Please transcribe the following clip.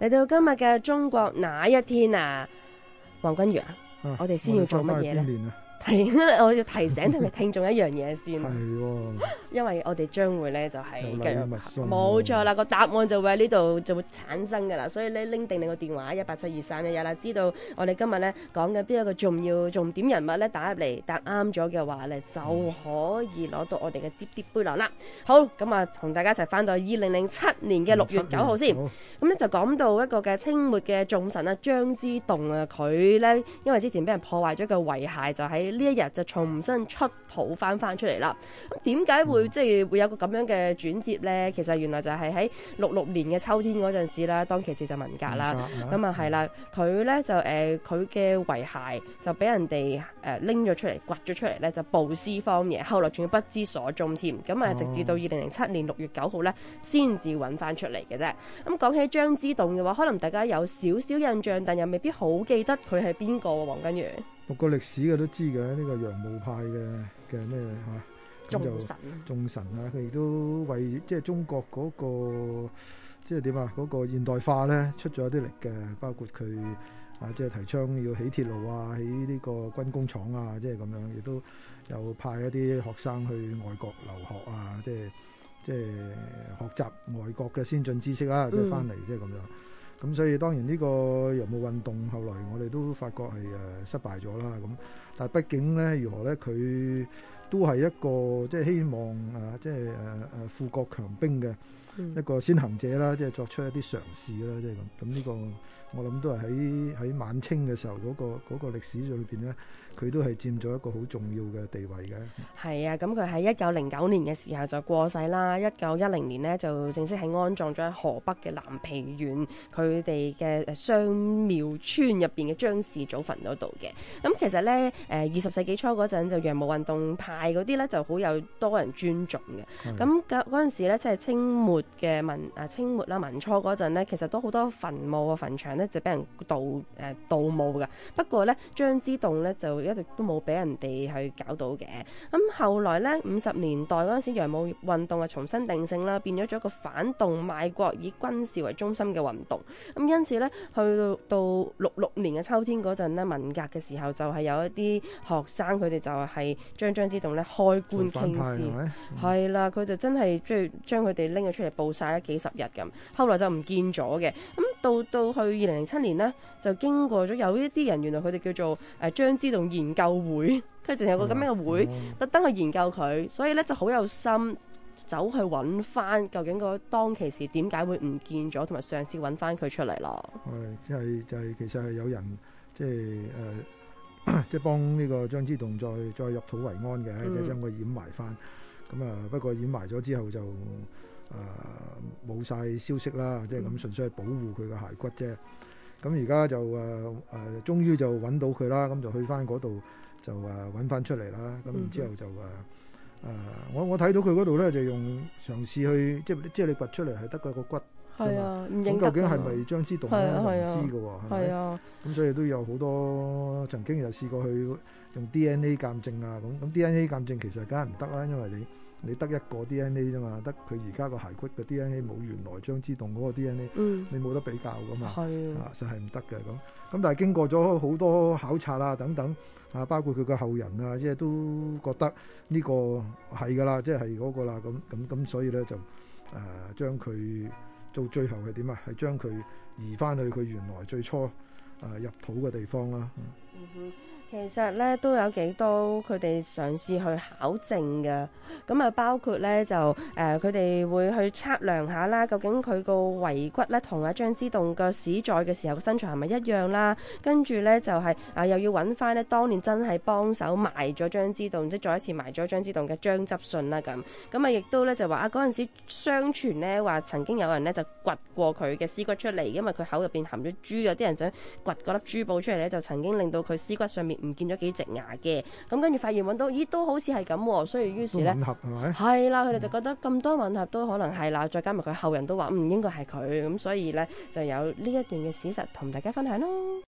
嚟到今日嘅中國那一天啊？黃君陽，唉我哋先要做乜嘢呢？係， 我要提醒同埋 聽眾一樣嘢先啦， 因為我哋將會咧就係、是、冇 錯啦，個答案就會喺呢度就會產生噶啦，所以咧拎定你個電話一八七二三一一啦，1, 7, 2, 3, 1, 知道我哋今日咧講緊邊一個重要重點人物咧打入嚟答啱咗嘅話咧，就可以攞到我哋嘅接碟杯壺啦。 好，咁啊同大家一齊翻到二零零七年嘅六月九號先，咁咧 就講到一個嘅清末嘅眾神啊張之洞啊佢咧，因為之前俾人破壞咗個遺骸，就喺，呢一日就重新出土翻翻出嚟啦。咁點解會、嗯、即係會有個咁樣嘅轉折呢？其實原來就係喺六六年嘅秋天嗰陣時啦，當其時就文革啦，咁啊係啦，佢呢就誒佢嘅遺骸就俾人哋誒拎咗出嚟掘咗出嚟呢，就曝屍荒野，後來仲要不知所蹤添。咁啊、嗯，直至到二零零七年六月九號呢，先至揾翻出嚟嘅啫。咁講起張之洞嘅話，可能大家有少少印象，但又未必好記得佢係邊個黃根源。學過歷史嘅都知嘅，呢、這個洋務派嘅嘅咩嚇，咁、啊、就眾神，神啊，佢亦都為即係、就是、中國嗰、那個即係點啊，嗰、那個現代化咧出咗一啲力嘅，包括佢啊即係、就是、提倡要起鐵路啊，起呢個軍工廠啊，即係咁樣，亦都有派一啲學生去外國留學啊，即係即係學習外國嘅先進知識啦、啊，即係翻嚟即係咁樣。咁所以當然呢個洋務運動後來我哋都發覺係誒失敗咗啦，咁但係畢竟咧如何咧佢都係一個即係希望啊即係誒誒富國強兵嘅一個先行者啦，即係作出一啲嘗試啦，即係咁咁呢個。我諗都係喺喺晚清嘅時候嗰個嗰個歷史裏邊咧，佢都係佔咗一個好重要嘅地位嘅。係啊，咁佢喺一九零九年嘅時候就過世啦，一九一零年呢，就正式喺安葬咗喺河北嘅南皮縣佢哋嘅雙廟村入邊嘅張氏祖墳嗰度嘅。咁其實呢，誒二十世紀初嗰陣就洋務運動派嗰啲呢，就好有多人尊重嘅。咁嗰嗰陣時咧即係清末嘅民啊清末啦民初嗰陣咧，其實都好多墳墓啊墳場。就俾人盜誒盜墓嘅，不過咧張之洞咧就一直都冇俾人哋去搞到嘅。咁、嗯、後來咧五十年代嗰陣時，洋務運動啊重新定性啦，變咗咗一個反動賣國以軍事為中心嘅運動。咁、嗯、因此咧，去到到六六年嘅秋天嗰陣咧，文革嘅時候就係、是、有一啲學生佢哋就係將張之洞咧開棺傾屍，係啦，佢就真係將將佢哋拎咗出嚟暴曬咗幾十日咁，後來就唔見咗嘅。嗯到到去二零零七年呢，就經過咗有一啲人，原來佢哋叫做誒、呃、張之洞研究會，佢哋淨係有個咁樣嘅會，特登去研究佢，所以呢就好有心走去揾翻究竟嗰當其時點解會唔見咗，同埋嘗試揾翻佢出嚟咯。係，即係就係、是就是、其實係有人即係誒，即、就、係、是呃 就是、幫呢個張之洞再再入土為安嘅，即、嗯、就將佢掩埋翻。咁啊，不過掩埋咗之後就。誒冇晒消息啦，即係咁純粹係保護佢嘅骸骨啫。咁而家就誒誒，終、呃、於、呃、就揾到佢啦。咁就去翻嗰度就誒揾翻出嚟啦。咁、嗯、然之後就誒誒、呃，我我睇到佢嗰度咧就用嘗試去即係即係你拔出嚟係得佢個骨，啊。咁究竟係咪張之洞咧就唔知嘅喎，係咪啊？咁所以都有好多曾經又試過去用 D N A 鑑證啊，咁咁 D N A 鑑證其實梗係唔得啦，因為你。你得一個 DNA 啫嘛，得佢而家個骸骨嘅 DNA 冇原來張之洞嗰個 DNA、嗯、你冇得比較噶嘛，係啊就係唔得嘅咁。咁、啊、但係經過咗好多考察啊等等，啊包括佢個後人啊，即係都覺得呢個係噶啦，即係係嗰個啦咁咁咁，所以咧就誒、啊、將佢到最後係點啊？係將佢移翻去佢原來最初啊入土嘅地方啦、啊。嗯嗯哼，其實咧都有幾多佢哋嘗試去考證嘅，咁啊包括咧就誒佢哋會去測量下啦，究竟佢個遺骨咧同阿張之洞個死在嘅時候個身材係咪一樣啦？跟住咧就係、係、啊又要搵翻呢當年真係幫手埋咗張之洞，即再一次埋咗張之洞嘅張執信啦咁，咁啊亦都咧就話啊嗰陣時相傳呢話曾經有人咧就掘過佢嘅屍骨出嚟，因為佢口入邊含咗珠，有啲人想掘嗰粒珠寶出嚟咧，就曾經令到。佢屍骨上面唔見咗幾隻牙嘅，咁跟住發現揾到，咦都好似係咁，所以於是呢，係啦，佢哋就覺得咁多吻合都可能係啦，再加埋佢後人都話，唔、嗯、應該係佢，咁所以呢，就有呢一段嘅史實同大家分享咯。